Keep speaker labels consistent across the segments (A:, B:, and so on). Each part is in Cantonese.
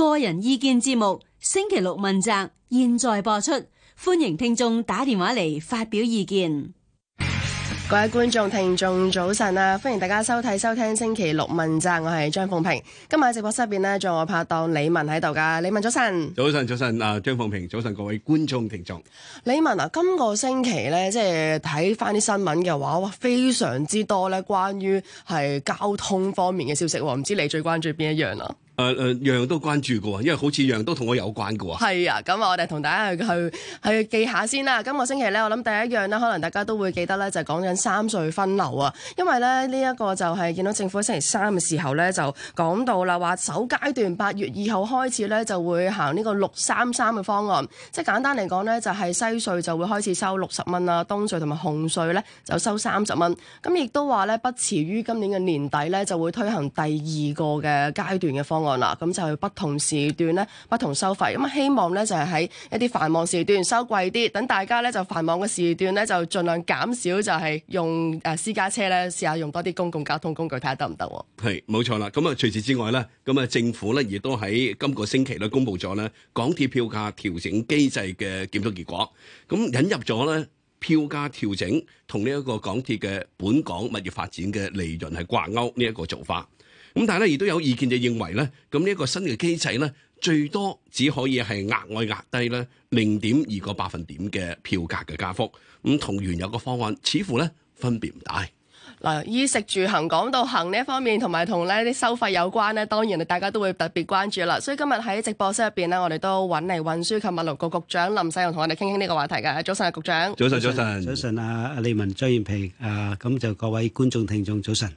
A: 個人意見節目星期六問責，現在播出，歡迎聽眾打電話嚟發表意見。各位觀眾聽眾早晨啊，歡迎大家收睇收聽星期六問責，我係張鳳平。今晚直播室入邊咧，仲有我拍檔李文喺度噶。李文早晨,
B: 早晨，早晨早晨啊，張鳳平早晨，各位觀眾聽眾。
A: 李文啊，今個星期呢，即係睇翻啲新聞嘅話，哇，非常之多呢關於係交通方面嘅消息。唔知你最關注邊一樣啊？
B: 誒誒，樣、嗯、都關注過，因為好似樣都同我有關嘅喎。
A: 係啊，咁啊，我哋同大家去去，去記下先啦。今個星期呢，我諗第一樣呢，可能大家都會記得呢，就講、是、緊三隧分流啊。因為呢，呢、這、一個就係、是、見到政府喺星期三嘅時候呢，就講到啦，話首階段八月二號開始呢，就會行呢個六三三嘅方案。即係簡單嚟講呢，就係、是、西隧就會開始收六十蚊啦，東隧同埋紅隧呢，就收三十蚊。咁亦都話呢，不遲於今年嘅年底呢，就會推行第二個嘅階段嘅方案。咁就不同時段咧，不同收費。咁希望咧就係、是、喺一啲繁忙時段收貴啲，等大家咧就繁忙嘅時段咧就盡量減少，就係用誒、呃、私家車咧，試下用多啲公共交通工具睇下得唔
B: 得。係冇錯啦。咁啊，除此之外咧，咁啊，政府咧亦都喺今個星期咧公布咗咧港鐵票價調整機制嘅檢討結果。咁引入咗咧票價調整同呢一個港鐵嘅本港物業發展嘅利潤係掛鈎呢一個做法。咁但係咧，亦都有意見就認為咧，咁呢一個新嘅機制咧，最多只可以係額外壓低咧零點二個百分點嘅票價嘅加幅，咁同原有嘅方案似乎咧分別唔大。
A: 嗱，衣食住行講到行呢一方面，同埋同呢啲收費有關咧，當然大家都會特別關注啦。所以今日喺直播室入邊呢，我哋都揾嚟運輸及物流局局長林世雄同我哋傾傾呢個話題嘅。早晨，局長。早晨，早晨。早
C: 晨，啊！阿李文張燕平，啊，咁就各位觀眾聽眾早晨。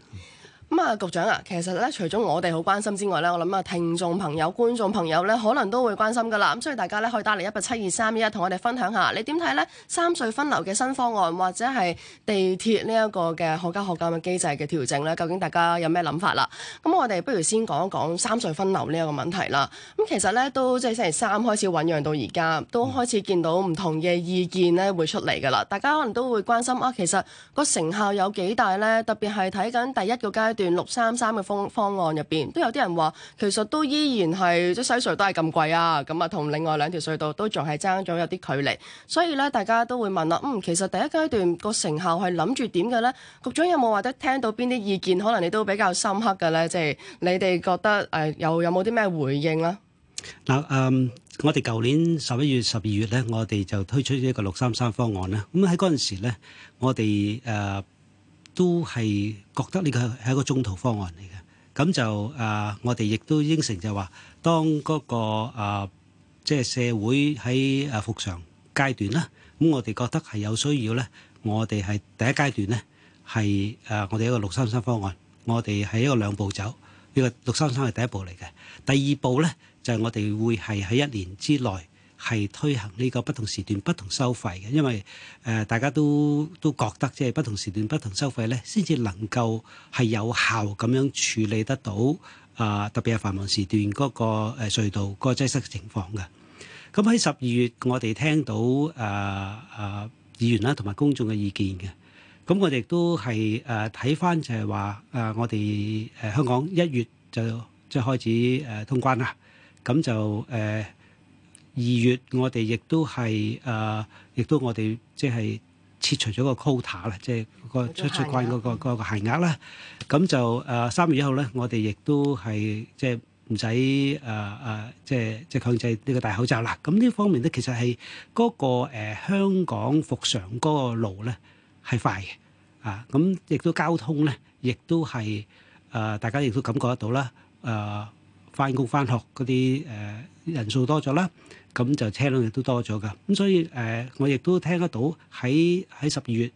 A: 咁啊，局長啊，其實咧，除咗我哋好關心之外咧，我諗啊，聽眾朋友、觀眾朋友咧，可能都會關心噶啦。咁所以大家咧，可以打嚟一八七二三一，同我哋分享下你點睇咧？三隧分流嘅新方案，或者係地鐵呢一個嘅可加可減嘅機制嘅調整咧，究竟大家有咩諗法啦？咁我哋不如先講一講三隧分流呢一個問題啦。咁其實咧，都即係星期三開始醞釀到而家，都開始見到唔同嘅意見咧會出嚟噶啦。大家可能都會關心啊，其實個成效有幾大咧？特別係睇緊第一個階段。段六三三嘅方方案入邊，都有啲人話，其實都依然係即西隧都係咁貴啊，咁啊，同另外兩條隧道都仲係爭咗有啲距離，所以咧，大家都會問啦，嗯，其實第一階段個成效係諗住點嘅咧？局長有冇話得聽到邊啲意見？可能你都比較深刻嘅咧，即係你哋覺得誒，又有冇啲咩回應啊？
C: 嗱，誒，我哋舊年十一月、十二月咧，我哋就推出一個六三三方案啦，咁喺嗰陣時咧，我哋誒。都係覺得呢個係一個中途方案嚟嘅，咁就啊，我哋亦都應承就話，當嗰個啊，即係社會喺復常階段啦，咁我哋覺得係有需要咧，我哋係第一階段咧係啊，我哋一個六三三方案，我哋係一個兩步走，呢個六三三係第一步嚟嘅，第二步咧就係我哋會係喺一年之內。係推行呢個不同時段不同收費嘅，因為誒大家都都覺得即係不同時段不同收費咧，先至能夠係有效咁樣處理得到啊，特別係繁忙時段嗰個誒隧道嗰個擠塞嘅情況嘅。咁喺十二月，我哋聽到誒誒議員啦同埋公眾嘅意見嘅，咁我哋都係誒睇返就係話誒我哋誒香港一月就即係開始誒通關啦，咁就誒。二月我哋亦都係誒，亦都我哋即係撤除咗個 quota 啦，即係個出出關嗰個嗰個限額啦。咁就誒三月一號咧，我哋亦都係即係唔使誒誒，即係即係強制呢個戴口罩啦。咁呢方面咧，其實係嗰個誒香港復常嗰個路咧係快嘅啊。咁亦都交通咧，亦都係誒大家亦都感覺得到啦。誒返工返學嗰啲誒人數多咗啦。咁就車輛亦都多咗㗎，咁所以誒、呃，我亦都聽得到喺喺十二月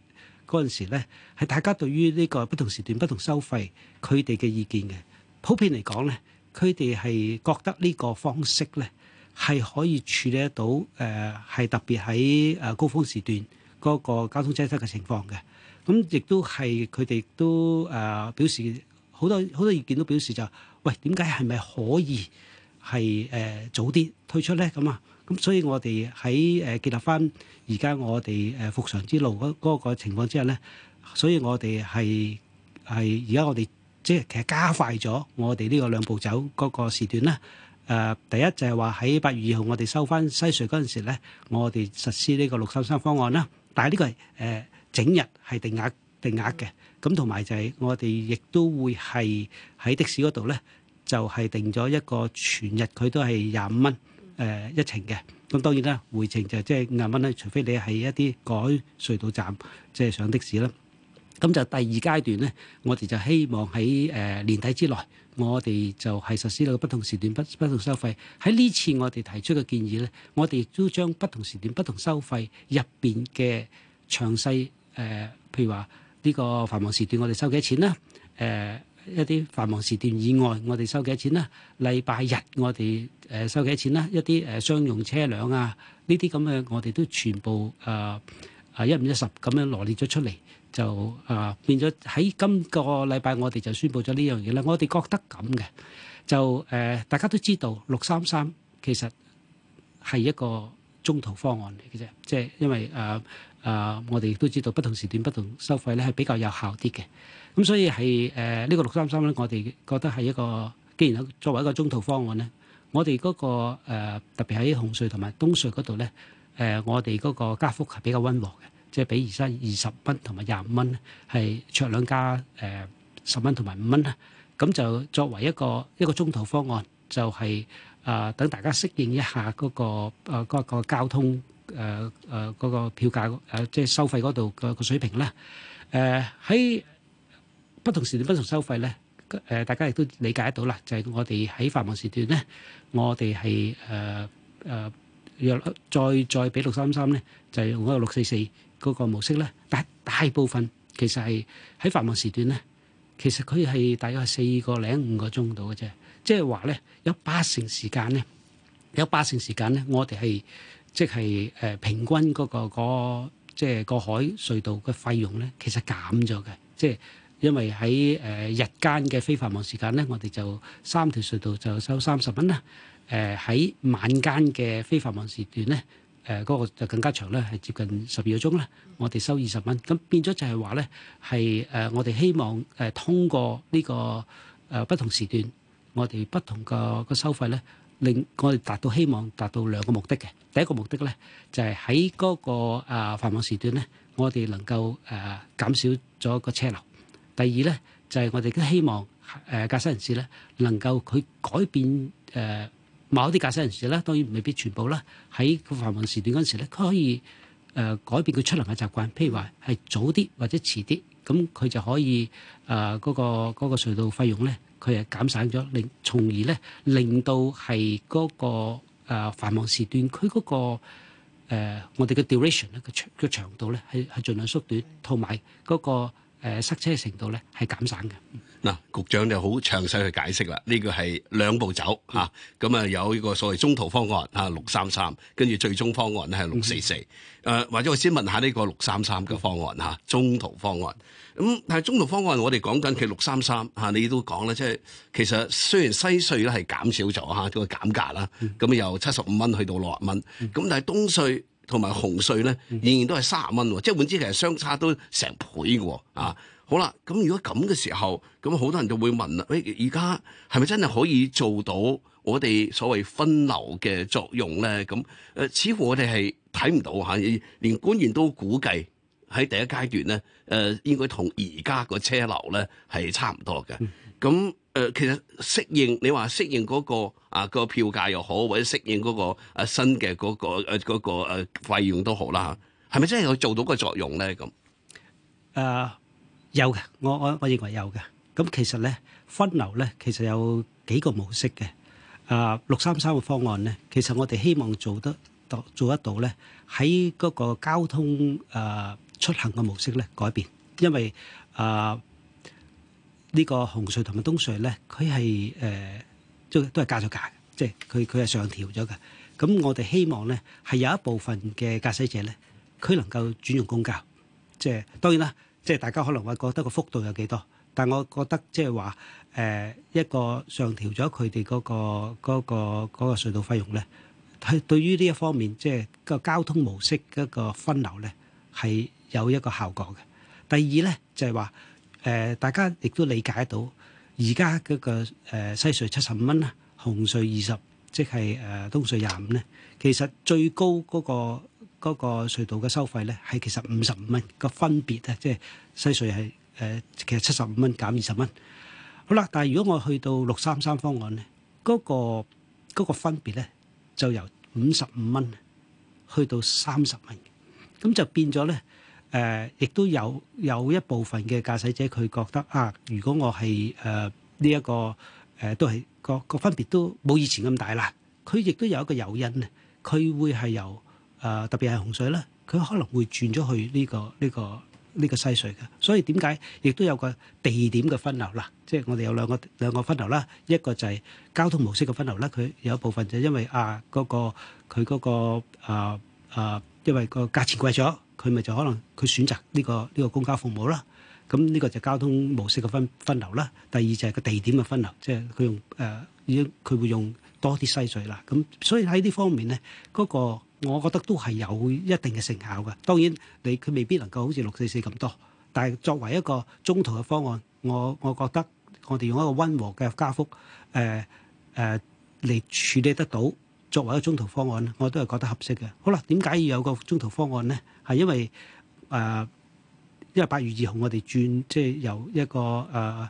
C: 嗰陣時咧，係大家對於呢個不同時段不同收費佢哋嘅意見嘅。普遍嚟講咧，佢哋係覺得呢個方式咧係可以處理得到誒，係、呃、特別喺誒高峰時段嗰個交通擠塞嘅情況嘅。咁、嗯、亦都係佢哋都誒、呃、表示好多好多意見都表示就，喂，點解係咪可以？係誒早啲推出咧咁啊，咁所以我哋喺誒建立翻而家我哋誒復常之路嗰嗰個情況之下咧，所以我哋係係而家我哋即係其實加快咗我哋呢個兩步走嗰個時段啦。誒第一就係話喺八月二號我哋收翻西隧嗰陣時咧，我哋實施呢個六三三方案啦。但係呢個係誒整日係定額定額嘅，咁同埋就係我哋亦都會係喺的士嗰度咧。就係定咗一個全日，佢都係廿五蚊誒一程嘅。咁當然啦，回程就即係廿蚊啦。除非你係一啲改隧道站，即係上的士啦。咁就第二階段咧，我哋就希望喺誒年底之內，我哋就係實施到不同時段不不同收費。喺呢次我哋提出嘅建議咧，我哋亦都將不同時段不同收費入邊嘅詳細誒，譬如話呢個繁忙時段我哋收幾多錢啦？誒。一啲繁忙時段以外，我哋收幾多錢啦？禮拜日我哋誒收幾多錢啦？一啲誒商用車輛啊，呢啲咁嘅我哋都全部誒誒、呃、一五一十咁樣羅列咗出嚟，就誒、呃、變咗喺今個禮拜我哋就宣佈咗呢樣嘢啦。我哋覺得咁嘅，就誒、呃、大家都知道六三三其實係一個中途方案嚟嘅啫，即、就、係、是、因為誒誒、呃呃、我哋都知道不同時段不同收費咧係比較有效啲嘅。咁所以係誒呢個六三三咧，我哋覺得係一個，既然作為一個中途方案咧，我哋嗰個誒特別喺紅隧同埋東隧嗰度咧，誒我哋嗰個加幅係比較溫和嘅，即係比而家二十蚊同埋廿五蚊係卓兩加誒十蚊同埋五蚊啦。咁就作為一個一個中途方案，就係啊等大家適應一下嗰個啊嗰個交通誒誒嗰個票價誒即係收費嗰度個個水平啦。誒喺不同時段不同收費咧，誒，大家亦都理解得到啦。就係我哋喺繁忙時段咧，我哋係誒誒，若再再俾六三三咧，就用嗰個六四四嗰個模式咧。但係大部分其實係喺繁忙時段咧，其實佢係大約四個零五個鐘度嘅啫。即係話咧，有八成時間咧，有八成時間咧，我哋係即係誒平均嗰個個即係過海隧道嘅費用咧，其實減咗嘅，即係。因為喺誒日間嘅非繁忙時間咧，我哋就三條隧道就收三十蚊啦。誒喺晚間嘅非繁忙時段咧，誒嗰個就更加長咧，係接近十二個鐘啦。我哋收二十蚊，咁變咗就係話咧，係誒我哋希望誒通過呢個誒不同時段，我哋不同嘅個收費咧，令我哋達到希望達到兩個目的嘅。第一個目的咧就係喺嗰個啊繁忙時段咧，我哋能夠誒減少咗個車流。第二咧，就係我哋都希望誒駕駛人士咧，能夠佢改變誒某啲駕駛人士咧，當然未必全部啦。喺個繁忙時段嗰陣時咧，佢可以誒改變佢出行嘅習慣，譬如話係早啲或者遲啲，咁佢就可以誒嗰個嗰個隧道費用咧，佢係減省咗，令從而咧令到係嗰個誒繁忙時段佢嗰個誒我哋嘅 duration 咧嘅長嘅長度咧係係儘量縮短，同埋嗰個。誒、呃、塞車嘅程度咧係減省嘅。
B: 嗱、呃，局長就好詳細去解釋啦。呢個係兩步走嚇，咁啊有呢個所謂中途方案嚇六三三，跟、啊、住最終方案咧係六四四。誒、呃，或者我先問下呢個六三三嘅方案嚇、啊，中途方案。咁、嗯、但係中途方案我哋講緊佢六三三嚇，你都講啦，即、就、係、是、其實雖然西隧咧係減少咗嚇，個、啊就是、減價啦，咁、嗯、哼由七十五蚊去到六十蚊，咁但係東隧。同埋紅隧咧，仍然都係卅蚊喎，即係換之其實相差都成倍嘅喎，啊，好啦，咁如果咁嘅時候，咁好多人就會問啦，喂、欸，而家係咪真係可以做到我哋所謂分流嘅作用咧？咁，誒、呃，似乎我哋係睇唔到嚇、啊，連官員都估計喺第一階段咧，誒、呃，應該同而家個車流咧係差唔多嘅，咁、嗯。誒，其實適應你話適應嗰個啊個票價又好，或者適應嗰個啊新嘅嗰個誒嗰個誒費用都好啦吓，係咪真係去做到個作用咧？咁
C: 誒有嘅，我我我認為有嘅。咁其實咧分流咧，其實有幾個模式嘅。啊，六三三嘅方案咧，其實我哋希望做得到做得到咧，喺嗰個交通誒出行嘅模式咧改變，因為啊。呢個紅隧同埋東隧咧，佢係誒，即都係加咗價，即係佢佢係上調咗嘅。咁我哋希望咧，係有一部分嘅駕駛者咧，佢能夠轉用公交。即係當然啦，即係大家可能會覺得個幅度有幾多，但我覺得即係話誒一個上調咗佢哋嗰個嗰個嗰個隧道費用咧，係對於呢一方面即係個交通模式一個分流咧係有一個效果嘅。第二咧就係話。誒，大家亦都理解到，而家嗰個誒西隧七十五蚊，紅隧二十，即係誒東隧廿五咧。其實最高嗰個嗰個隧道嘅收費咧，係其實五十五蚊個分別咧，即係西隧係誒其實七十五蚊減二十蚊。好啦，但係如果我去到六三三方案咧，嗰個嗰個分別咧就由五十五蚊去到三十蚊，咁就變咗咧。誒，亦、呃、都有有一部分嘅駕駛者佢覺得啊，如果我係誒呢一個誒、呃，都係個個分別都冇以前咁大啦。佢亦都有一個誘因，佢會係由誒特別係紅隧咧，佢可能會轉咗去呢、這個呢、這個呢、這個西隧嘅。所以點解亦都有個地點嘅分流嗱、啊，即係我哋有兩個兩個分流啦，一個就係交通模式嘅分流啦，佢有一部分就因為啊嗰、那個佢嗰、那個啊啊，因為個價錢貴咗。佢咪就可能佢選擇呢、這個呢、這個公交服務啦，咁、嗯、呢、這個就交通模式嘅分分流啦。第二就係個地點嘅分流，即係佢用誒要佢會用多啲西隧啦。咁、嗯、所以喺呢方面咧，嗰、那個我覺得都係有一定嘅成效嘅。當然你佢未必能夠好似六四四咁多，但係作為一個中途嘅方案，我我覺得我哋用一個溫和嘅加幅誒誒嚟處理得到。作為一個中途方案咧，我都係覺得合適嘅。好啦，點解要有個中途方案咧？係因為誒、呃，因為八月二號我哋轉即係由一個誒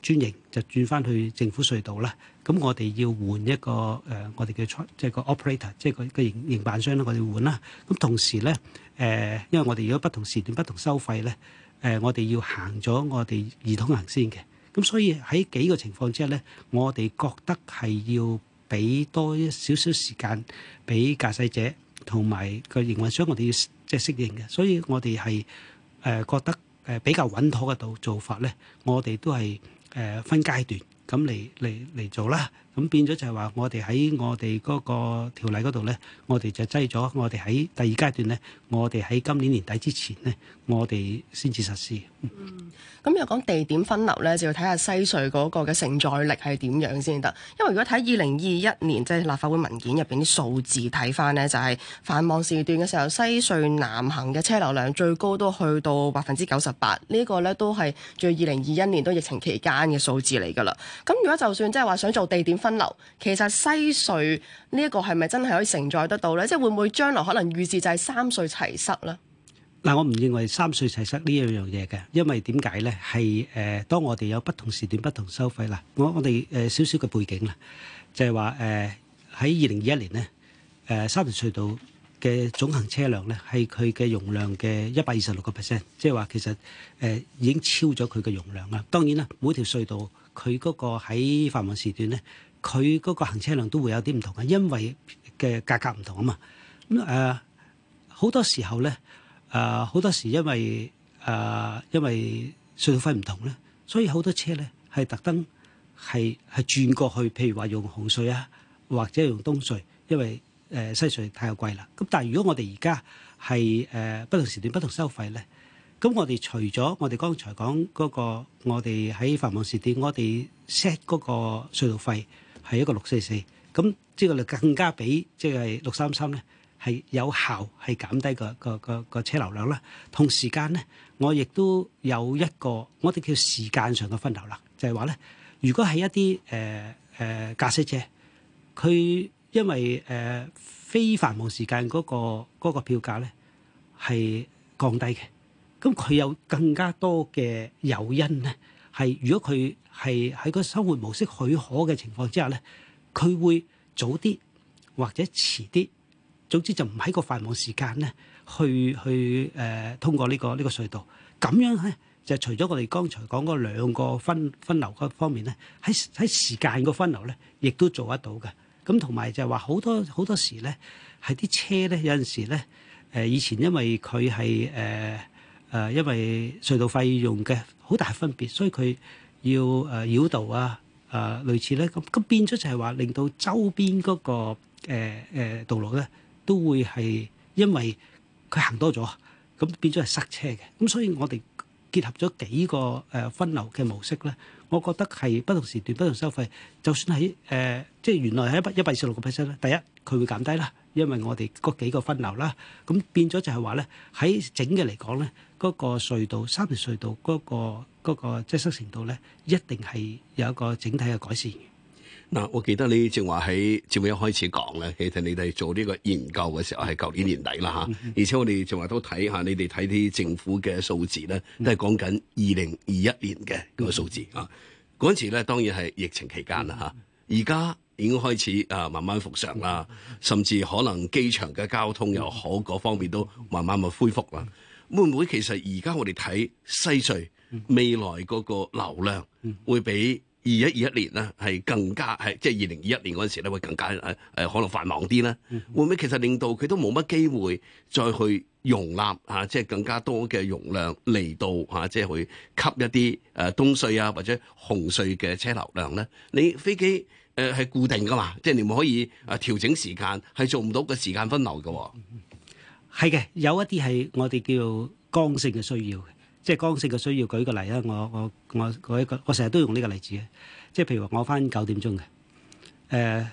C: 專營就轉翻去政府隧道啦。咁我哋要換一個誒、呃、我哋嘅即係個 operator，即係個個營營辦商咧，我哋換啦。咁同時咧誒、呃，因為我哋如果不同時段不同收費咧，誒、呃、我哋要行咗我哋易通行先嘅。咁所以喺幾個情況之下咧，我哋覺得係要。俾多一少少時間俾駕駛者同埋個營運商，我哋要即係適應嘅。所以我哋係誒覺得誒比較穩妥嘅做做法咧，我哋都係誒分階段咁嚟嚟嚟做啦。咁變咗就係話，我哋喺我哋嗰個條例嗰度咧，我哋就擠咗。我哋喺第二階段咧，我哋喺今年年底之前咧，我哋先至實施。
A: 嗯，咁又講地點分流咧，就要睇下西隧嗰個嘅承載力係點樣先得。因為如果睇二零二一年即係立法會文件入邊啲數字睇翻咧，就係繁忙時段嘅時候，西隧南行嘅車流量最高都去到百分之九十八。呢個咧都係在二零二一年都疫情期間嘅數字嚟噶啦。咁如果就算即係話想做地點。分流其實西隧呢一個係咪真係可以承載得到咧？即係會唔會將來可能預示就係三隧齊塞
C: 咧？嗱，我唔認為三隧齊塞呢一樣嘢嘅，因為點解咧？係誒、呃，當我哋有不同時段不同收費啦，我我哋誒少少嘅背景啦，就係話誒喺二零二一年咧，誒、呃、三條隧道嘅總行車量咧係佢嘅容量嘅一百二十六個 percent，即係話其實誒、呃、已經超咗佢嘅容量啦。當然啦，每條隧道佢嗰個喺繁忙時段咧。佢嗰個行車量都會有啲唔同嘅，因為嘅價格唔同啊嘛。咁誒好多時候咧，誒好多時因為誒因為隧道費唔同咧，所以好多車咧係特登係係轉過去，譬如話用紅隧啊，或者用東隧，因為誒西隧太貴啦。咁但係如果我哋而家係誒不同時段不同收費咧，咁我哋除咗我哋剛才講嗰個，我哋喺繁忙時段我哋 set 嗰個隧道費。係一個六四四，咁即係我哋更加比即係六三三咧，係有效係減低個個個個車流量啦。同時間咧，我亦都有一個我哋叫時間上嘅分流啦，就係話咧，如果係一啲誒誒駕駛者，佢因為誒、呃、非繁忙時間嗰個嗰個票價咧係降低嘅，咁佢有更加多嘅誘因咧。係，如果佢係喺個生活模式許可嘅情況之下咧，佢會早啲或者遲啲，總之就唔喺個繁忙時間咧，去去誒、呃、通過呢、呢個呢、呢個隧道。咁樣咧就除咗我哋剛才講嗰兩個分分流方面咧，喺喺時間個分流咧，亦都做得到嘅。咁同埋就係話好多好多時咧，係啲車咧有陣時咧，誒、呃、以前因為佢係誒。呃誒，因為隧道費用嘅好大分別，所以佢要誒繞道啊，誒、啊、類似咧，咁咁變咗就係話令到周邊嗰、那個誒、呃呃、道路咧都會係因為佢行多咗，咁變咗係塞車嘅。咁所以我哋結合咗幾個誒分流嘅模式咧，我覺得係不同時段不同收費，就算喺誒、呃、即係原來係一百一百二十六個 percent 咧，第一佢會減低啦。因為我哋嗰幾個分流啦，咁變咗就係話咧，喺整嘅嚟講咧，嗰、那個隧道三條隧道嗰、嗰個嗰、嗰個即塞程度咧，一定係有一個整體嘅改善。
B: 嗱、嗯，我記得你正話喺節目一開始講咧，其實你哋做呢個研究嘅時候係舊年年底啦嚇，嗯、而且我哋正話都睇下你哋睇啲政府嘅數字咧，都係講緊二零二一年嘅個數字啊。嗰陣、嗯、時咧當然係疫情期間啦嚇，而家已經開始啊，慢慢復常啦，甚至可能機場嘅交通又好，各方面都慢慢咪恢復啦。會唔會其實而家我哋睇西隧未來嗰個流量會比二一二一年咧係更加係即係二零二一年嗰陣時咧會更加誒誒可能繁忙啲咧？會唔會其實令到佢都冇乜機會再去容納啊，即係更加多嘅容量嚟到啊，即係去吸一啲誒東隧啊或者紅隧嘅車流量咧？你飛機？誒，係固定噶嘛？即係你唔可以誒調整時間，係做唔到個時間分流嘅。
C: 係嘅，有一啲係我哋叫剛性嘅需要嘅，即係剛性嘅需要。舉個例啊，我我我舉一個，我成日都用呢個例子嘅。即係譬如話我翻九點鐘嘅，誒、呃、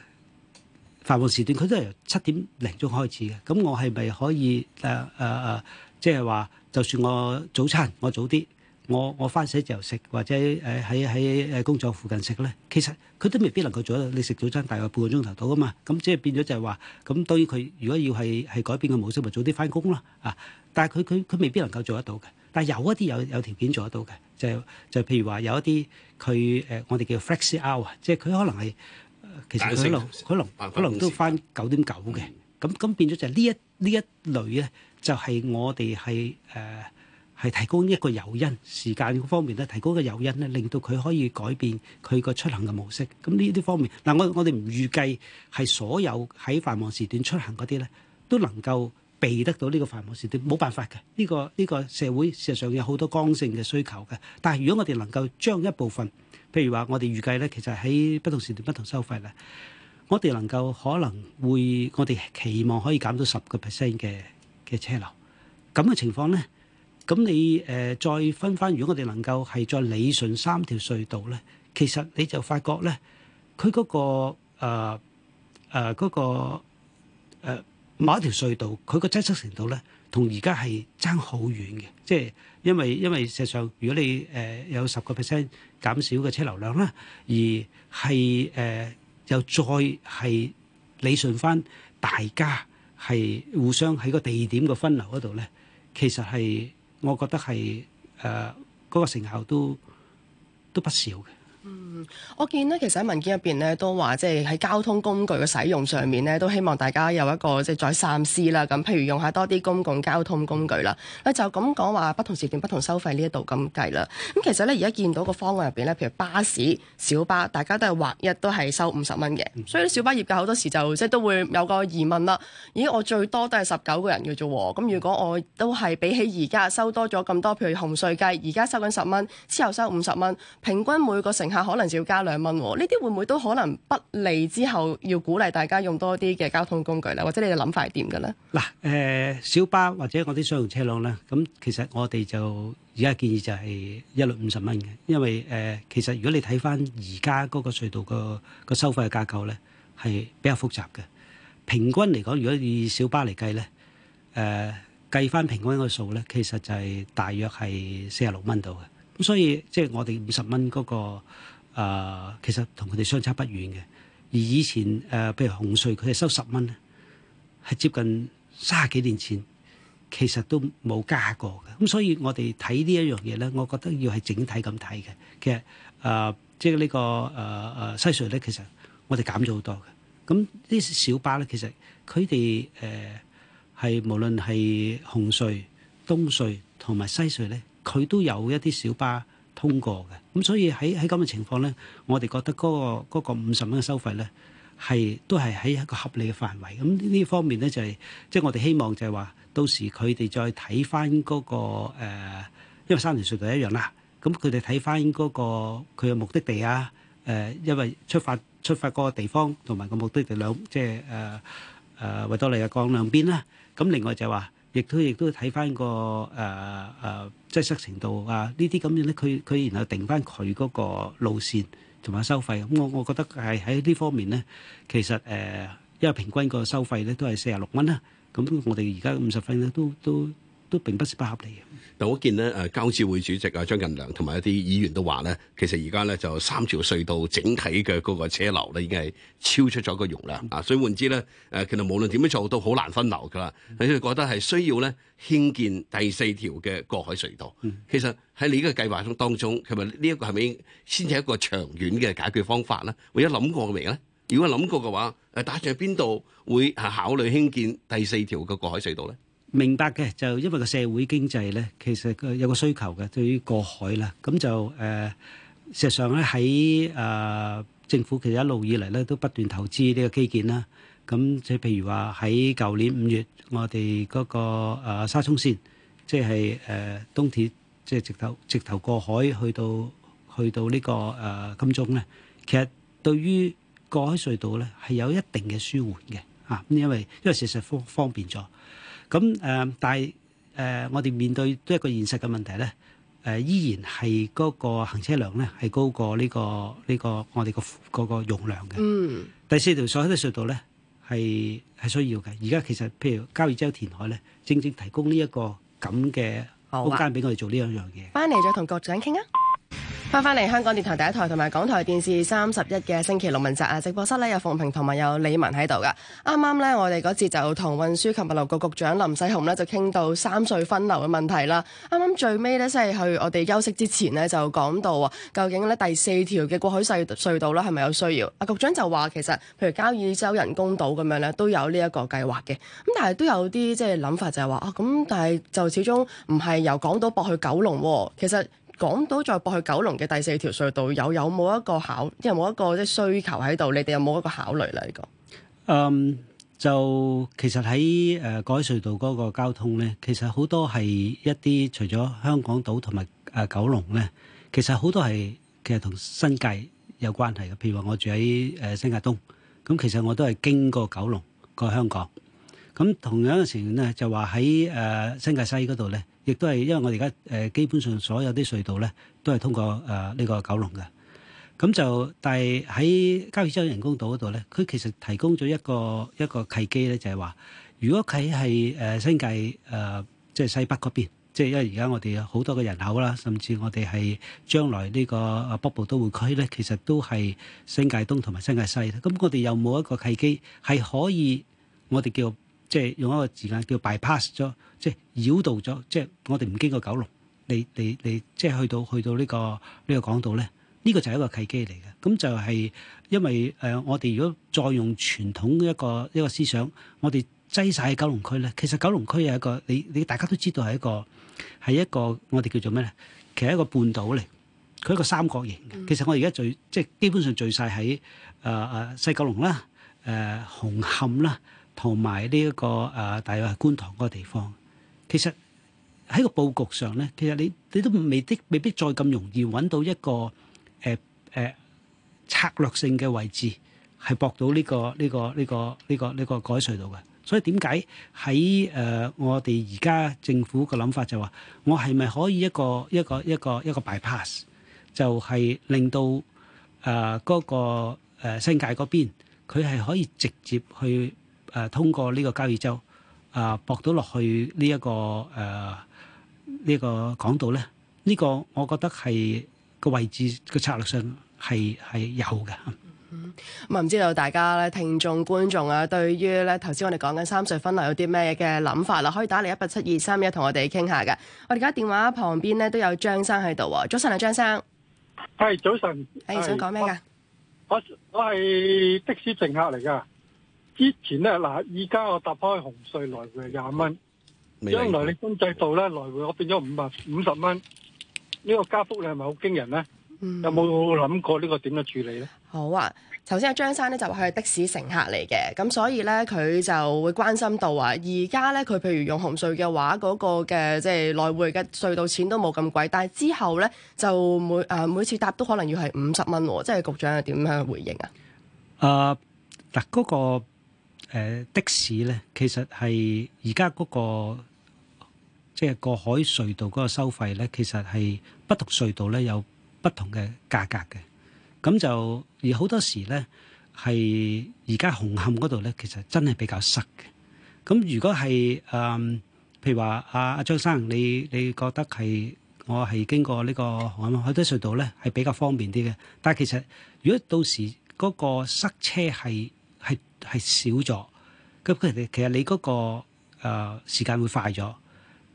C: 繁忙時段佢都係由七點零鐘開始嘅。咁我係咪可以誒誒誒，即係話就算我早餐我早啲？我我翻寫就食，或者誒喺喺誒工作附近食咧，其實佢都未必能夠做到。你食早餐大概半個鐘頭到噶嘛，咁、嗯、即係變咗就係話，咁當然佢如果要係係改變個模式，咪早啲翻工咯啊！但係佢佢佢未必能夠做得到嘅。但係有一啲有有條件做得到嘅，就就譬如話有一啲佢誒我哋叫 f l e x o u t 啊，即係佢可能係、呃、其實佢可能可能都翻九點九嘅。咁咁、嗯、變咗就呢一呢一類咧，就係、是、我哋係誒。呃呃係提供一個誘因，時間嗰方面咧，提供一個誘因咧，令到佢可以改變佢個出行嘅模式。咁呢啲方面嗱，我我哋唔預計係所有喺繁忙時段出行嗰啲咧，都能夠避得到呢個繁忙時段。冇辦法嘅，呢個呢個社會事實上有好多剛性嘅需求嘅。但係如果我哋能夠將一部分，譬如話我哋預計咧，其實喺不同時段不同收費咧，我哋能夠可能會，我哋期望可以減到十個 percent 嘅嘅車流咁嘅情況咧。咁你誒、呃、再分翻，如果我哋能夠係再理順三條隧道咧，其實你就發覺咧，佢嗰、嗰個誒誒嗰某一條隧道，佢個擠塞程度咧，同而家係爭好遠嘅。即係因為因為事實上，如果你誒、呃、有十個 percent 減少嘅車流量啦，而係誒又再係理順翻大家係互相喺個地點嘅分流嗰度咧，其實係。我覺得係誒嗰個成效都都不少嘅。
A: 我見呢，其實喺文件入邊咧都話，即係喺交通工具嘅使用上面咧，都希望大家有一個即係再三思啦。咁譬如用下多啲公共交通工具啦。就咁講話不同時段不同收費呢一度咁計啦。咁其實咧而家見到個方案入邊咧，譬如巴士、小巴，大家都係劃一都係收五十蚊嘅。嗯、所以小巴業界好多時就即係都會有個疑問啦。咦？我最多都係十九個人嘅啫喎。咁如果我都係比起而家收多咗咁多，譬如紅隧計而家收緊十蚊，之後收五十蚊，平均每個乘客可可能就要加兩蚊，呢啲會唔會都可能不利之後要鼓勵大家用多啲嘅交通工具咧？或者你嘅諗法係點嘅咧？嗱，
C: 誒，小巴或者我啲商用車輛咧，咁其實我哋就而家建議就係一律五十蚊嘅，因為誒、呃，其實如果你睇翻而家嗰個隧道個、嗰個收費嘅架構咧，係比較複雜嘅。平均嚟講，如果以小巴嚟計咧，誒、呃，計翻平均嘅數咧，其實就係大約係四十六蚊度嘅。咁所以即係、就是、我哋五十蚊嗰個。啊、呃，其實同佢哋相差不遠嘅，而以前誒，譬、呃、如紅隧佢係收十蚊咧，係接近卅幾年前，其實都冇加過嘅。咁、嗯、所以，我哋睇呢一樣嘢咧，我覺得要係整體咁睇嘅。其實啊、呃，即係、這個呃、呢個誒誒西隧咧，其實我哋減咗好多嘅。咁呢小巴咧，其實佢哋誒係無論係紅隧、東隧同埋西隧咧，佢都有一啲小巴。通過嘅，咁所以喺喺咁嘅情況咧，我哋覺得嗰個嗰個五十蚊嘅收費咧，係都係喺一個合理嘅範圍。咁呢方面咧就係，即係我哋希望就係話，到時佢哋再睇翻嗰個誒，因為三條隧道一樣啦。咁佢哋睇翻嗰個佢嘅目的地啊，誒，因為出發出發嗰個地方同埋個目的地兩，即係誒誒維多利亞港兩邊啦。咁另外就係話。亦都亦都睇翻個誒誒擠塞程度啊，呢啲咁樣咧，佢佢然後定翻佢嗰個路線同埋收費咁，我我覺得係喺呢方面咧，其實誒、啊，因為平均個收費咧都係四啊六蚊四十六蚊啦，咁我哋而家五十分咧都都都，都並不是不合理嘅。
B: 但我見咧誒，交諮會主席啊張近良同埋一啲議員都話咧，其實而家咧就三條隧道整體嘅嗰個車流咧已經係超出咗個容量，嗯、啊，所以換之咧誒，其實無論點樣做都好難分流㗎啦。所以、嗯、覺得係需要咧興建，建第四條嘅過海隧道。嗯、其實喺你呢個計劃中當中，係咪呢一個係咪先至一個長遠嘅解決方法咧？我有諗過未咧？如果諗過嘅話，誒打算邊度會係考慮興建，建第四條嘅過海隧道咧？
C: 明白嘅，就因為個社會經濟咧，其實有個需求嘅，對於過海啦，咁就誒，事實上咧喺誒政府其實一路以嚟咧都不斷投資呢個基建啦。咁即係譬如話喺舊年五月，我哋嗰個誒沙中線，即係誒東鐵，即係直頭直頭過海去到去到呢個誒金鐘咧。其實對於過海隧道咧係有一定嘅舒緩嘅，啊，因為因為事實方方便咗。咁誒，但係誒，我哋面對都係一個現實嘅問題咧，誒，依然係嗰個行車量咧係高過呢個呢個我哋個嗰個容量嘅。嗯。第四條所有啲隧道咧係係需要嘅，而家其實譬如交椅洲填海咧，正正提供呢一個咁嘅空間俾我哋做呢兩樣嘢。
A: 翻嚟再同局長傾啊！翻返嚟香港電台第一台同埋港台電視三十一嘅星期六問責啊！直播室咧有馮平同埋有李文喺度噶。啱啱咧我哋嗰節就同運輸及物流局局長林世雄咧就傾到三隧分流嘅問題啦。啱啱最尾咧即係去我哋休息之前咧就講到啊，究竟咧第四條嘅過海細隧道啦，係咪有需要？啊局長就話其實譬如交椅洲人工島咁樣咧都有呢一個計劃嘅。咁但係都有啲即係諗法就係話啊咁，但係就始終唔係由港島駁去九龍。其實。港島再駁去九龍嘅第四條隧道，有有冇一個考，即係冇一個即係需求喺度？你哋有冇一個考慮嚟講？
C: 嗯，就其實喺誒、呃、改隧道嗰個交通咧，其實好多係一啲除咗香港島同埋誒九龍咧，其實好多係其實同新界有關係嘅。譬如話我住喺誒、呃、新界東，咁、嗯、其實我都係經過九龍過香港。咁、嗯、同樣嘅情況咧，就話喺誒新界西嗰度咧。亦都係，因為我哋而家誒基本上所有啲隧道咧，都係通過誒呢個九龍嘅。咁就但係喺交椅洲人工島嗰度咧，佢其實提供咗一個一個契機咧，就係話如果佢係誒新界誒即係西北嗰邊，即係因為而家我哋好多嘅人口啦，甚至我哋係將來呢個北部都會區咧，其實都係新界東同埋新界西。咁我哋有冇一個契機係可以我哋叫？即係用一個字眼叫 bypass 咗，即係繞道咗，即係我哋唔經過九龍，你你你即係去到去到呢個呢個港島咧，呢個就係一個契機嚟嘅。咁就係因為誒，我哋如果再用傳統一個一個思想，我哋擠晒喺九龍區咧，其實九龍區係一個你你大家都知道係一個係一個我哋叫做咩咧？其實一個半島嚟，佢一個三角形嘅。其實我哋而家聚即係基本上聚晒喺誒誒西九龍啦、誒紅磡啦。同埋呢一個誒，大概係觀塘嗰個地方。其實喺個佈局上咧，其實你你都未必未必再咁容易揾到一個誒誒、呃呃、策略性嘅位置，係駁到呢、呢個呢、呢個呢、呢個呢、呢個呢、呢個改隧道嘅。所以點解喺誒我哋而家政府嘅諗法就話、是、我係咪可以一個一個一個一個 bypass 就係令到誒嗰、呃嗰個誒、呃、新界嗰邊佢係可以直接去。誒通過呢個交易週，啊駁到落去呢、這、一個誒呢、呃這個港島咧，呢、這個我覺得係個位置個策略上係係有嘅。
A: 咁啊唔知道大家咧，聽眾觀眾啊，對於咧頭先我哋講緊三隧分流有啲咩嘅諗法啦？可以打嚟一八七二三一同我哋傾下噶。我哋而家電話旁邊咧都有張生喺度啊！早晨啊，張生，係早晨，
C: 你、哎、想講咩噶？我我係的士乘客嚟噶。
B: 之前咧，嗱，依家我搭開紅隧來回廿蚊，
A: 將來
B: 你新制度咧來回我變咗五百五十蚊，呢、這個加幅你係咪好驚人咧？嗯、
A: 有冇
C: 諗過呢個點樣處理咧？
A: 好啊，頭先阿張生咧就話係的士乘客嚟嘅，咁所以咧佢就會關心到啊，而家咧佢譬如用紅隧嘅話，嗰、那個嘅即係來回嘅隧道錢都冇咁貴，但係之後咧就每啊、呃、每次搭都可能要係五十蚊喎，即係局長係點樣回應啊？啊、呃，
C: 嗱、那、嗰個。誒、呃、的士咧，其實係而家嗰個即係過海隧道嗰個收費咧，其實係不同隧道咧有不同嘅價格嘅。咁就而好多時咧係而家紅磡嗰度咧，其實真係比較塞嘅。咁如果係誒、嗯，譬如話阿阿張生，你你覺得係我係經過呢個紅磡海底隧道咧，係比較方便啲嘅。但係其實如果到時嗰個塞車係，係少咗，咁佢哋其實你嗰、那個誒、呃、時間會快咗，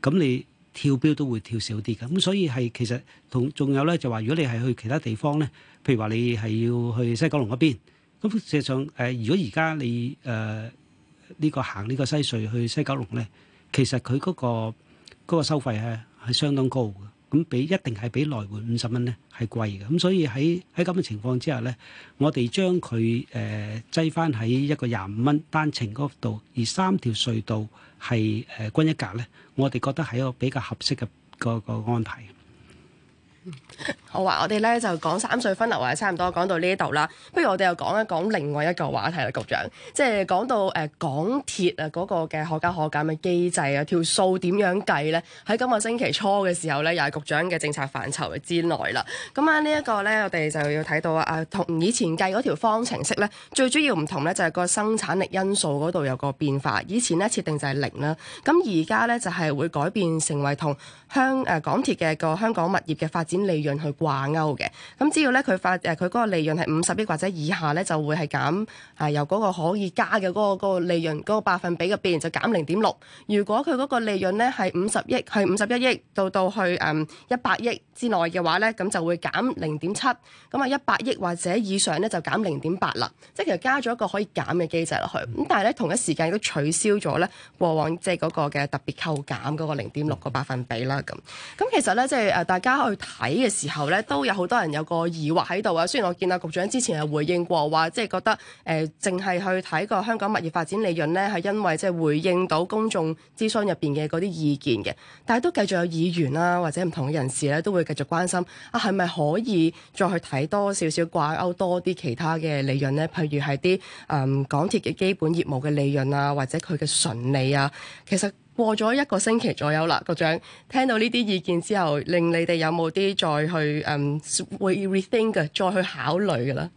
C: 咁你跳標都會跳少啲嘅，咁所以係其實同仲有咧就話，如果你係去其他地方咧，譬如話你係要去西九龍嗰邊，咁實際上誒、呃，如果而家你誒呢、呃這個行呢個西隧去西九龍咧，其實佢嗰、那個那個收費係係相當高嘅。咁比一定係比來回五十蚊咧係貴嘅，咁所以喺喺咁嘅情況之下咧，我哋將佢誒計返喺一個廿五蚊單程嗰度，而三條隧道係誒、呃、均一格咧，我哋覺得係一個比較合適嘅個個安排。
A: 好啊，我話我哋咧就講三隧分流，或差唔多講到呢度啦。不如我哋又講一講另外一個話題啦，局長，即係講到誒、呃、港鐵啊嗰個嘅可加可減嘅機制啊，條數點樣計咧？喺今個星期初嘅時候呢，又係局長嘅政策範疇之內啦。咁啊呢一個呢，我哋就要睇到啊同以前計嗰條方程式呢，最主要唔同呢，就係個生產力因素嗰度有個變化。以前呢，設定就係零啦，咁而家呢，就係、是、會改變成為同香誒港鐵嘅個香港物業嘅發展啲利潤去掛鈎嘅，咁只要咧佢發誒佢嗰個利潤係五十億或者以下咧，就會係減啊、呃、由嗰個可以加嘅嗰個嗰個利潤嗰個百分比嘅變就減零點六。如果佢嗰個利潤咧係五十億係五十一億到到去誒一百億之內嘅話咧，咁就會減零點七。咁啊一百億或者以上咧就減零點八啦。即係其實加咗一個可以減嘅機制落去。咁但係咧同一時間亦都取消咗咧過往即係嗰個嘅特別扣減嗰個零點六個百分比啦。咁咁其實咧即係誒大家去睇嘅時候咧，都有好多人有個疑惑喺度啊。雖然我見啊局長之前係回應過話，即係覺得誒淨係去睇個香港物業發展利潤咧，係因為即係回應到公眾諮詢入邊嘅嗰啲意見嘅。但係都繼續有議員啦、啊，或者唔同嘅人士咧、啊，都會繼續關心啊，係咪可以再去睇多少少掛鈎多啲其他嘅利潤咧？譬如係啲誒港鐵嘅基本業務嘅利潤啊，或者佢嘅純利啊，其實。過咗一個星期左右啦，局長聽到呢啲意見之後，令你哋有冇啲再去嗯會 rethink 嘅，再去考慮嘅咧？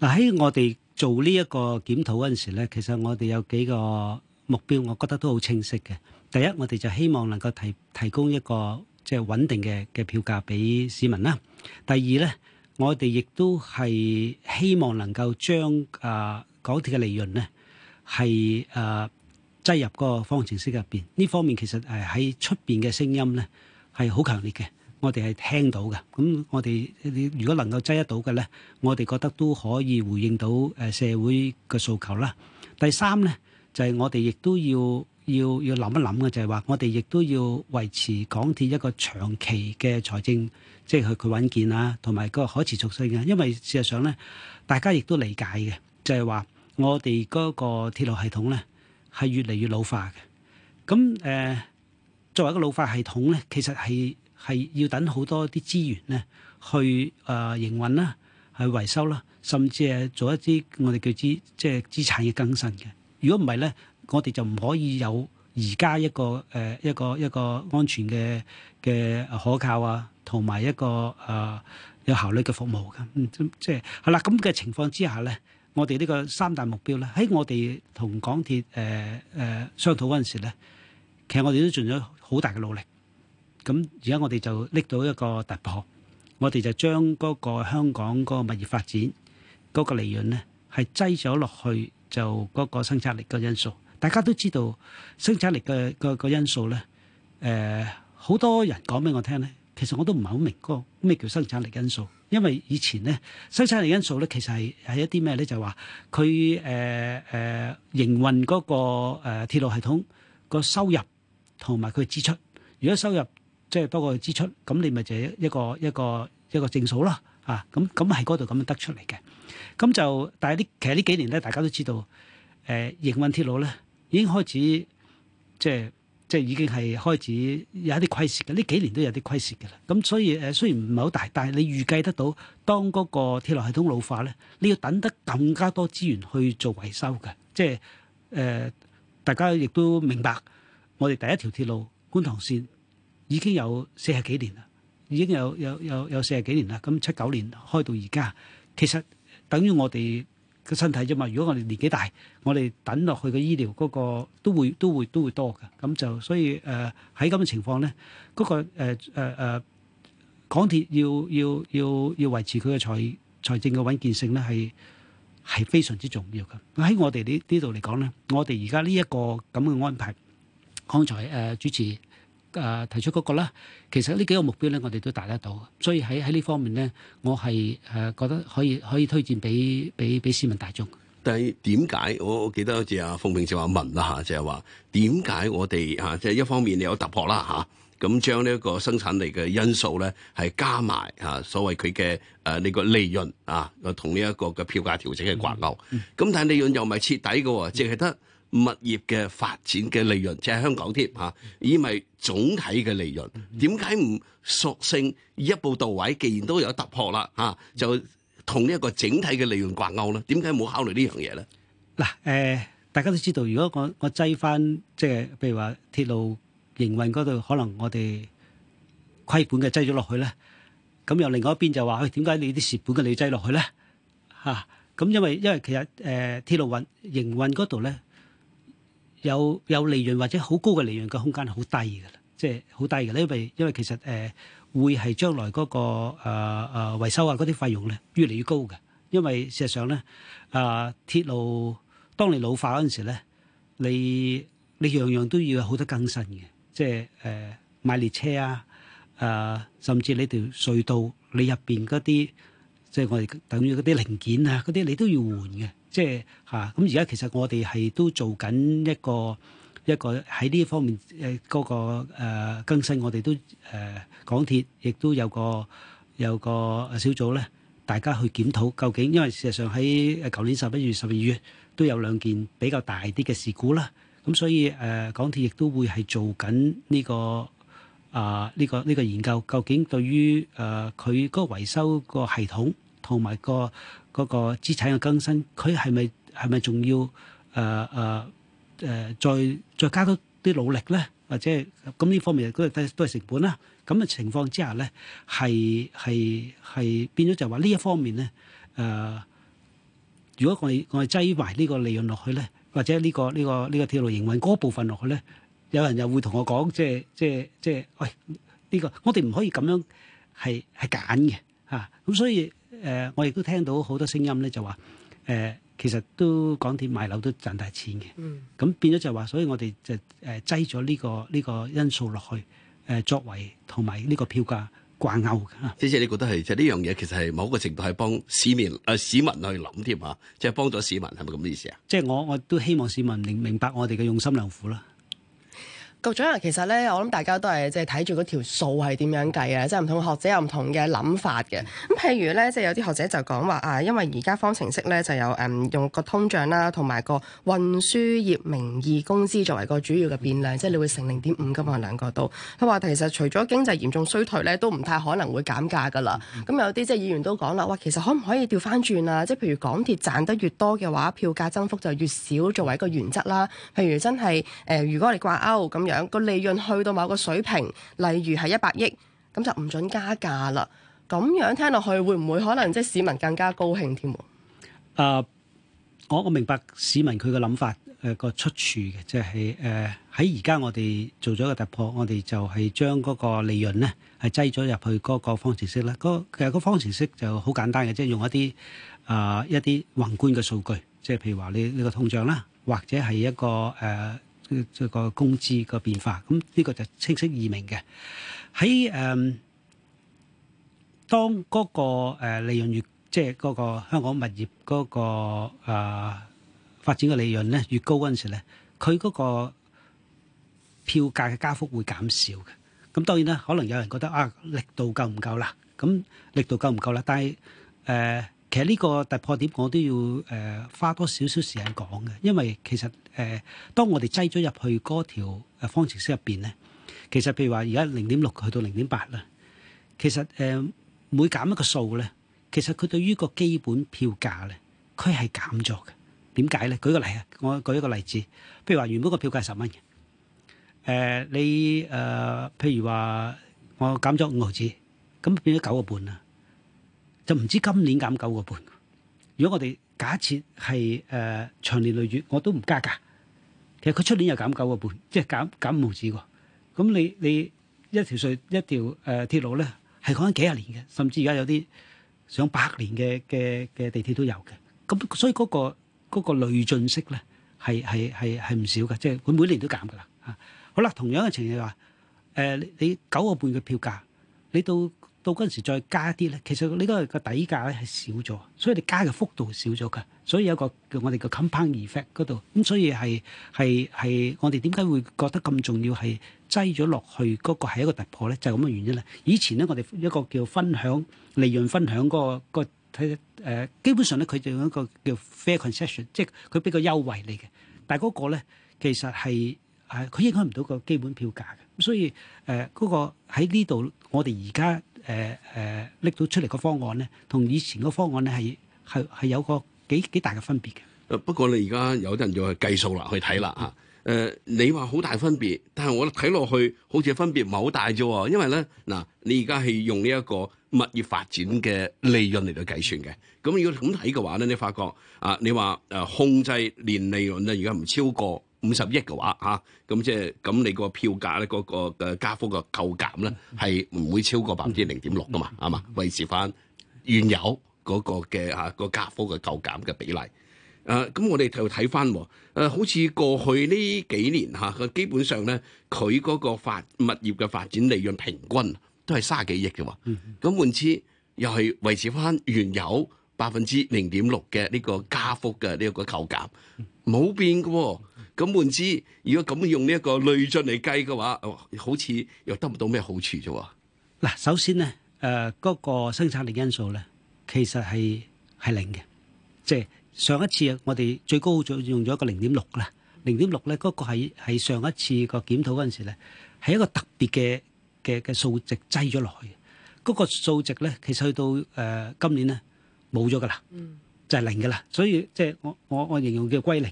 C: 嗱，喺我哋做呢一個檢討嗰陣時咧，其實我哋有幾個目標，我覺得都好清晰嘅。第一，我哋就希望能夠提提供一個即係穩定嘅嘅票價俾市民啦。第二咧，我哋亦都係希望能夠將啊港鐵嘅利潤咧係誒，擠入嗰個方程式入邊，呢方面其實係喺出邊嘅聲音咧係好強烈嘅，我哋係聽到嘅。咁我哋如果能夠擠得到嘅咧，我哋覺得都可以回應到誒社會嘅訴求啦。第三咧就係我哋亦都要要要諗一諗嘅，就係話我哋亦都要維持港鐵一個長期嘅財政，即係佢佢穩健啊，同埋個可持續性啊。因為事實上咧，大家亦都理解嘅，就係話我哋嗰個鐵路系統咧。係越嚟越老化嘅，咁誒、呃、作為一個老化系統咧，其實係係要等好多啲資源咧去誒、呃、營運啦，去維修啦，甚至係做一啲我哋叫資即係、就是、資產嘅更新嘅。如果唔係咧，我哋就唔可以有而家一個誒、呃、一個一個，一個安全嘅嘅可靠啊，同埋一個誒、呃、有效率嘅服務㗎。嗯，即係係啦，咁嘅情況之下咧。我哋呢個三大目標咧，喺我哋同港鐵誒誒商討嗰陣時咧，其實我哋都盡咗好大嘅努力。咁而家我哋就拎到一個突破，我哋就將嗰個香港嗰個物業發展嗰個利潤咧，係擠咗落去就嗰個生產力嘅因素。大家都知道生產力嘅個個因素咧，誒好多人講俾我聽咧，其實我都唔係好明嗰個咩叫生產力因素。因為以前咧，生產力因素咧，其實係係一啲咩咧？就係話佢誒誒營運嗰個誒鐵路系統個收入同埋佢嘅支出，如果收入即係多過佢支出，咁你咪就係一個一個一個正數囉嚇，咁咁喺嗰度咁樣得出嚟嘅。咁就但係呢，其實呢幾年咧，大家都知道誒營運鐵路咧已經開始即係。即係已經係開始有一啲虧蝕嘅，呢幾年都有啲虧蝕嘅啦。咁所以誒，雖然唔係好大，但係你預計得到當嗰個鐵路系統老化咧，你要等得更加多資源去做維修嘅。即係誒、呃，大家亦都明白，我哋第一條鐵路觀塘線已經有四十幾年啦，已經有有有有四十幾年啦。咁七九年開到而家，其實等於我哋。個身體啫嘛，如果我哋年紀大，我哋等落去嘅醫療嗰個都會都會都會多㗎，咁就所以誒喺咁嘅情況咧，嗰、那個誒誒、呃呃、港鐵要要要要維持佢嘅財財政嘅穩健性咧，係係非常之重要嘅。喺我哋呢呢度嚟講咧，我哋而家呢一個咁嘅安排，剛才誒、呃、主持。誒、呃、提出嗰個咧，其實呢幾個目標咧，我哋都達得到，所以喺喺呢方面咧，我係誒覺得可以可以推薦俾俾俾市民大眾。
B: 但係點解？我我記得好似阿馮平就話問啦吓，就係話點解我哋吓即係一方面你有突破啦吓，咁將呢一個生產力嘅因素咧係加埋吓、啊，所謂佢嘅誒呢個利潤啊，同呢一個嘅票價調整嘅掛鈎。咁、嗯、但係利潤又唔係徹底嘅喎，淨係、嗯、得。物業嘅發展嘅利潤，就係香港添嚇，以為總體嘅利潤，點解唔索性一步到位？既然都有突破啦嚇、啊，就同呢一個整體嘅利潤掛鈎咧，點解冇考慮呢樣嘢咧？
C: 嗱誒、呃，大家都知道，如果我我擠翻即係，譬如話鐵路營運嗰度，可能我哋虧本嘅擠咗落去咧，咁又另外一邊就話，點解你啲蝕本嘅你擠落去咧嚇？咁、啊、因為因為其實誒、呃、鐵路運營運嗰度咧。有有利潤或者好高嘅利潤嘅空間係好低嘅，即係好低嘅，因為，因為其實誒會係將來嗰個誒誒維修啊嗰啲費用咧越嚟越高嘅，因為事實上咧啊鐵路當你老化嗰陣時咧，你你樣樣都要有好多更新嘅，即係誒買列車啊，誒甚至你條隧道你入邊嗰啲即係我哋等於嗰啲零件啊嗰啲你都要換嘅。即係嚇，咁而家其實我哋係都做緊一個一個喺呢一方面誒、那、嗰個、呃、更新我，我哋都誒港鐵亦都有個有個小組咧，大家去檢討究竟，因為事實上喺舊年十一月、十二月都有兩件比較大啲嘅事故啦，咁、嗯、所以誒、呃、港鐵亦都會係做緊呢、呢個啊呢、呃呢個呢、呢個研究，究竟對於誒佢嗰個維修個系統同埋、嗰個。嗰個資產嘅更新，佢係咪係咪仲要誒誒誒再再加多啲努力咧？或者咁呢方面都係都係成本啦。咁嘅情況之下咧，係係係變咗就係話呢一方面咧誒、呃，如果我哋我哋擠埋呢個利潤落去咧，或者呢、呢個呢、呢個呢、呢個鐵、這個、路營運嗰部分落去咧，有人又會同我講，即係即係即係喂呢個，我哋唔可以咁樣係係揀嘅嚇。咁、啊、所以。誒、呃，我亦都聽到好多聲音咧，就話、是、誒、呃，其實都港鐵賣樓都賺大錢嘅。嗯，咁變咗就話，所以我哋就誒、呃、擠咗呢、這個呢、這個因素落去，誒、呃、作為同埋呢個票價掛鈎。
B: 姐姐，你覺得係即係呢樣嘢，就是、其實係某個程度係幫市面誒、呃、市民去諗添啊，即、就、係、是、幫咗市民係咪咁嘅意思啊？
C: 即係我我都希望市民明明白我哋嘅用心良苦啦。
A: 局長啊，其實咧，我諗大家都係即係睇住嗰條數係點樣計啊，即係唔同學者有唔同嘅諗法嘅。咁譬如咧，即係有啲學者就講話啊，因為而家方程式咧就有誒、嗯、用個通脹啦、啊，同埋個運輸業名義工資作為個主要嘅變量，即係你會乘零點五噶嘛兩個都。佢話其實除咗經濟嚴重衰退咧，都唔太可能會減價㗎啦。咁、嗯、有啲即係議員都講啦，喂，其實可唔可以調翻轉啊？即係譬如港鐵賺得越多嘅話，票價增幅就越少作為一個原則啦。譬如真係誒、呃，如果你掛鈎咁個利潤去到某個水平，例如係一百億，咁就唔准加價啦。咁樣聽落去，會唔會可能即係市民更加高興添？啊，
C: 我我明白市民佢個諗法，誒個出處嘅，即係誒喺而家我哋做咗一個突破，我哋就係將嗰個利潤咧係擠咗入去嗰個方程式咧。嗰其實個方程式就好簡單嘅，即係用一啲啊一啲宏觀嘅數據，即係譬如話你呢個通脹啦，或者係一個誒。即係個工資個變化，咁呢個就清晰易明嘅。喺誒，當嗰個誒利潤越即係嗰個香港物業嗰個誒發展嘅利潤咧越高嗰陣時咧，佢嗰個票價嘅加幅會減少嘅。咁當然啦，可能有人覺得啊，力度夠唔夠啦？咁力度夠唔夠啦？但係誒。其實呢個突破點，我都要誒花多少少時間講嘅，因為其實誒、呃，當我哋擠咗入去嗰條誒方程式入邊咧，其實譬如話而家零點六去到零點八啦，其實誒、呃、每減一個數咧，其實佢對於個基本票價咧，佢係減咗嘅。點解咧？舉個例啊，我舉一個例子，譬如話原本個票價係十蚊嘅，誒、呃、你誒、呃、譬如話我減咗五毫子，咁變咗九個半啊。就唔知今年減九個半。如果我哋假設係誒、呃、長年累月，我都唔加價。其實佢出年又減九個半，即係減，減五毫子喎。咁你你，一條隧一條誒、呃、鐵路咧，係講緊幾十年嘅，甚至而家有啲上百年嘅嘅嘅地鐵都有嘅。咁所以嗰、嗰個嗰個嗰個累進式咧，係係係係唔少嘅，即係佢每年都減㗎啦。嚇、啊，好啦，同樣嘅情形話誒，你九個半嘅票價，你到。到嗰陣時再加啲咧，其實你都係個底價咧係少咗，所以你加嘅幅度少咗嘅，所以有個叫我哋個 compound effect 嗰度，咁所以係係係我哋點解會覺得咁重要係擠咗落去嗰、那個係一個突破咧，就係咁嘅原因啦。以前咧我哋一個叫分享利潤分享嗰、那個個睇誒，基本上咧佢就用一個叫 fair concession，即係佢俾個優惠你嘅，但係嗰個咧其實係係佢影響唔到個基本票價嘅。所以誒，嗰、呃那個喺呢度，我哋而家誒誒拎到出嚟個方案咧，同以前個方案咧係係係有個幾幾大嘅分別嘅。
B: 誒不過你而家有啲人要去計數啦，去睇啦嚇。誒、呃、你話好大分別，但係我睇落去好似分別唔係好大啫。因為咧嗱，你而家係用呢一個物業發展嘅利潤嚟到計算嘅。咁如果咁睇嘅話咧，你發覺啊，你話誒控制年利潤咧，而家唔超過。五十億嘅話嚇，咁即係咁你個票價咧，嗰個嘅加幅嘅扣減咧，係唔會超過百分之零點六噶嘛，係嘛？維持翻原有嗰個嘅嚇個加幅嘅扣減嘅比例。誒、啊，咁我哋就睇翻，誒、啊、好似過去呢幾年嚇、啊，基本上咧，佢嗰個發物業嘅發展利潤平均都係卅幾億嘅喎。咁換之又係維持翻原有。百分之零點六嘅呢個加幅嘅呢個扣減冇變㗎，咁換之如果咁用呢一個累進嚟計嘅話，好似又得唔到咩好處啫。
C: 嗱，首先咧，誒嗰個生產力因素咧，其實係係零嘅，即係上一次我哋最高就用咗一個零點六啦，零點六咧嗰個係係上一次個檢討嗰陣時咧，係一個特別嘅嘅嘅數值擠咗落去，嗰個數值咧其實去到誒今年咧。冇咗㗎喇，就係零㗎喇，所以即係我我我形容叫歸零。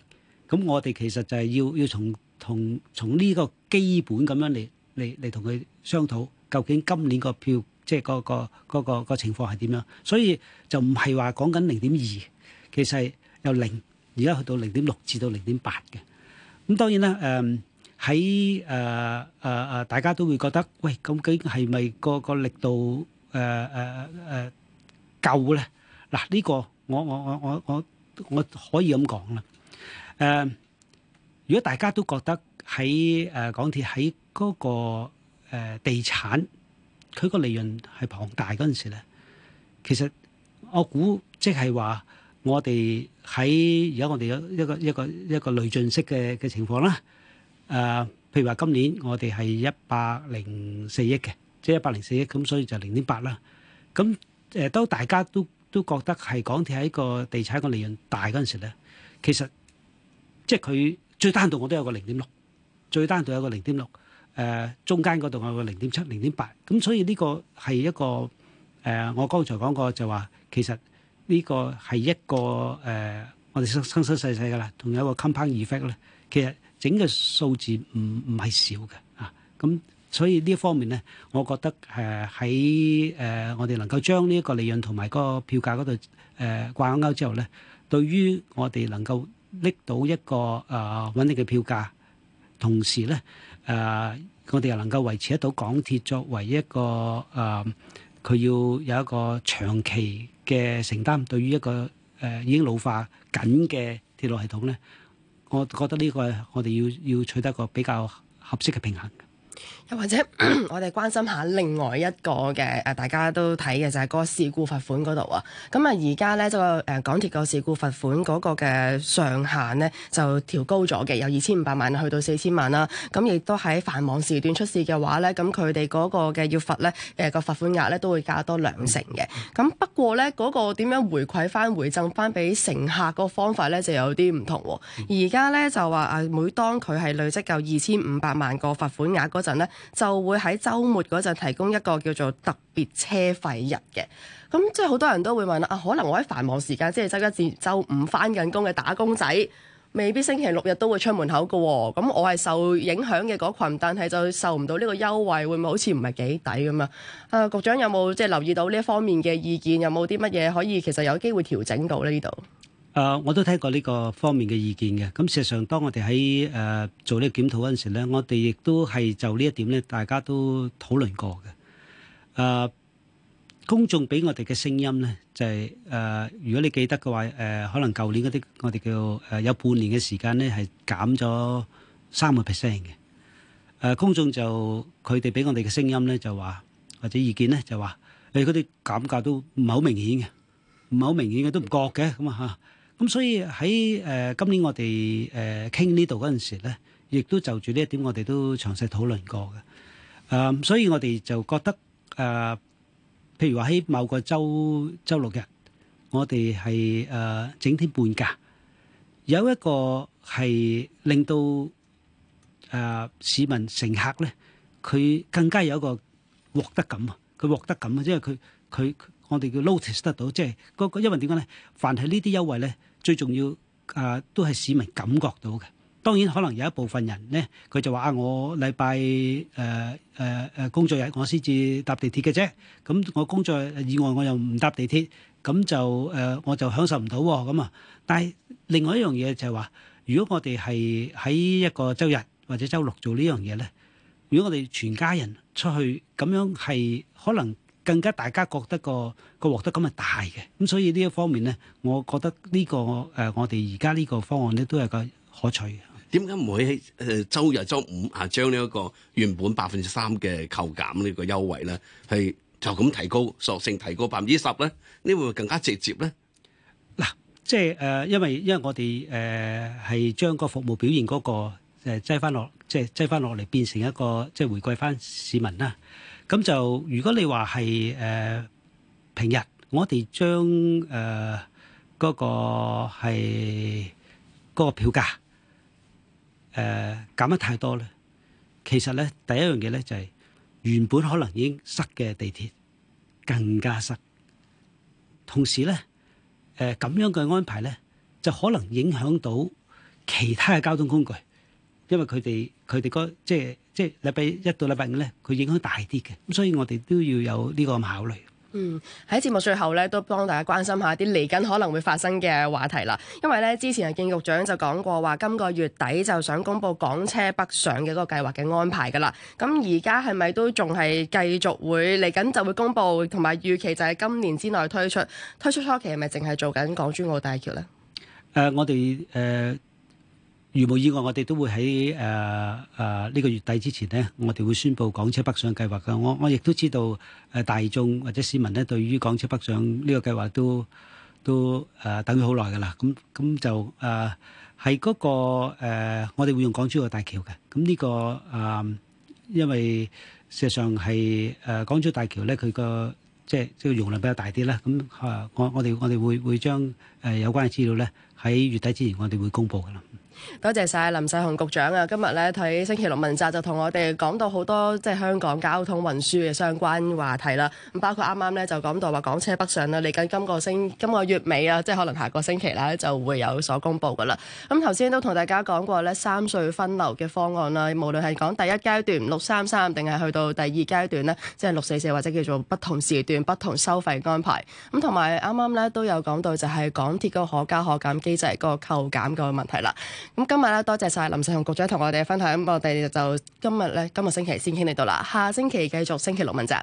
C: 咁我哋其實就係要要從同從呢個基本咁樣嚟嚟嚟同佢商討，究竟今年個票即係嗰個嗰個個情況係點樣？所以就唔係話講緊零點二，其實係由零而家去到零點六至到零點八嘅。咁當然啦，誒喺誒誒誒，大家都會覺得喂，究竟係咪個個力度誒誒誒夠咧？嗱，呢個我我我我我我可以咁講啦。誒、呃，如果大家都覺得喺誒、呃、港鐵喺嗰個、呃、地產佢個利潤係龐大嗰陣時咧，其實我估即係話我哋喺而家我哋有一個一個一個累進式嘅嘅情況啦。誒、呃，譬如話今年我哋係一百零四億嘅，即係一百零四億咁，所以就零點八啦。咁誒、呃、都大家都。都覺得係港鐵喺個地產個利潤大嗰陣時咧，其實即係佢最低都我都有個零點六，最低都有個零點六，誒中間嗰度有個零點七、零點八，咁所以呢個係一個誒、呃，我剛才講過就話其實呢個係一個誒、呃，我哋生生生世世噶啦，仲有一個 compound effect 咧，其實整個數字唔唔係少嘅啊咁。所以呢一方面咧，我覺得誒喺誒我哋能夠將呢一個利潤同埋個票價嗰度誒掛鈎之後咧，對於我哋能夠拎到一個誒穩、呃、定嘅票價，同時咧誒、呃、我哋又能夠維持得到港鐵作為一個誒佢、呃、要有一個長期嘅承擔，對於一個誒、呃、已經老化緊嘅鐵路系統咧，我覺得呢個我哋要要取得一個比較合適嘅平衡。
A: 或者咳咳我哋關心下另外一個嘅誒，大家都睇嘅就係、是、嗰個事故罰款嗰度啊。咁、嗯、啊，而家咧就誒、呃、港鐵個事故罰款嗰個嘅上限咧就調高咗嘅，由二千五百萬去到四千萬啦。咁、嗯、亦、嗯、都喺繁忙時段出事嘅話咧，咁佢哋嗰個嘅要罰咧誒、那個罰款額咧都會加多兩成嘅。咁、嗯、不過咧嗰、那個點樣回饋翻回，回贈翻俾乘客嗰個方法咧就有啲唔同，啊。而家咧就話誒，每當佢係累積夠二千五百萬個罰款額嗰陣咧，就會喺週末嗰陣提供一個叫做特別車費日嘅，咁即係好多人都會問啊，可能我喺繁忙時間，即係周一至周五翻緊工嘅打工仔，未必星期六日都會出門口嘅喎，咁我係受影響嘅嗰羣，但係就受唔到呢個優惠，會唔會好似唔係幾抵咁啊？啊，局長有冇即係留意到呢一方面嘅意見，有冇啲乜嘢可以其實有機會調整到咧呢度？
C: 誒、呃，我都聽過呢個方面嘅意見嘅。咁、嗯，事實上，當我哋喺誒做個檢討呢個檢討嗰陣時咧，我哋亦都係就呢一點咧，大家都討論過嘅。誒、呃，公眾俾我哋嘅聲音咧，就係、是、誒、呃，如果你記得嘅話，誒、呃，可能舊年嗰啲我哋叫誒、呃，有半年嘅時間咧，係減咗三個 percent 嘅。誒、呃，公眾就佢哋俾我哋嘅聲音咧，就話或者意見咧，就話你嗰啲減價都唔係好明顯嘅，唔係好明顯嘅都唔覺嘅咁啊嚇。嗯。咁所以喺誒今年我哋誒傾呢度嗰陣時咧，亦都就住呢一點我哋都詳細討論過嘅。誒，所以我哋就覺得誒，譬如話喺某個週週六日，我哋係誒整天半價，有一個係令到誒市民乘客咧，佢更加有一個獲得感啊！佢獲得感啊，即係佢佢我哋叫 notice 得到，即係嗰個因為點講咧？凡係呢啲優惠咧。最重要啊，都係市民感覺到嘅。當然可能有一部分人咧，佢就話啊，我禮拜誒誒誒工作日，我先至搭地鐵嘅啫。咁、嗯、我工作以外我又唔搭地鐵，咁、嗯、就誒、呃、我就享受唔到喎。咁、嗯、啊，但係另外一樣嘢就係話，如果我哋係喺一個周日或者周六做呢樣嘢咧，如果我哋全家人出去咁樣係可能。更加大家覺得個個獲得感係大嘅，咁所以呢一方面咧，我覺得呢、這個、呃、我我哋而家呢個方案咧都係個可取。
B: 點解唔會喺誒週日周五啊將呢一個原本百分之三嘅扣減呢個優惠咧，係就咁提高，索性提高百分之十咧？呢會唔會更加直接咧？
C: 嗱，即係誒、呃，因為因為我哋誒係將個服務表現嗰、那個誒擠翻落，即係擠翻落嚟變成一個即係回饋翻市民啦。咁就如果你話係誒平日，我將，我哋將誒嗰個係嗰、嗰個票價誒減得太多咧，其實咧第一樣嘢咧就係、是、原本可能已經塞嘅地鐵更加塞，同時咧誒咁樣嘅安排咧就可能影響到其他嘅交通工具，因為佢哋佢哋嗰即係。即係禮拜一到禮拜五咧，佢影響大啲嘅，咁所以我哋都要有呢個考慮。嗯，
A: 喺節目最後咧，都幫大家關心下啲嚟緊可能會發生嘅話題啦。因為咧，之前啊，敬局長就講過話，今個月底就想公布港車北上嘅嗰個計劃嘅安排噶啦。咁而家係咪都仲係繼續會嚟緊就會公布，同埋預期就係今年之內推出。推出初期係咪淨係做緊港珠澳大橋咧？誒、
C: 呃，我哋誒。呃如無意外，我哋都會喺誒誒呢個月底之前咧，我哋會宣布港車北上計劃嘅。我我亦都知道誒大眾或者市民咧對於港車北上呢個計劃都都誒、呃、等咗好耐㗎啦。咁、嗯、咁、嗯、就誒係嗰個、呃、我哋會用港珠澳大橋嘅。咁、嗯、呢、這個誒、呃，因為事實上係誒、呃、港珠大橋咧，佢個即係即係容量比較大啲啦。咁、嗯、啊，我我哋我哋會會將誒有關嘅資料咧喺月底之前，我哋會公布㗎啦。
A: 多謝晒林世雄局長啊！今日咧睇星期六問責就同我哋講到好多即係香港交通運輸嘅相關話題啦。咁包括啱啱咧就講到話港車北上啦，嚟緊今個星今個月尾啊，即係可能下個星期啦就會有所公布噶啦。咁頭先都同大家講過咧，三隧分流嘅方案啦，無論係講第一階段六三三，定係去到第二階段咧，即係六四四或者叫做不同時段不同收費安排。咁同埋啱啱咧都有講到就係港鐵嗰個可加可減機制個扣減個問題啦。咁今日咧，多謝晒林世雄局長同我哋分享。咁我哋就今日咧，今個星期先傾到呢度啦。下星期繼續星期六問責。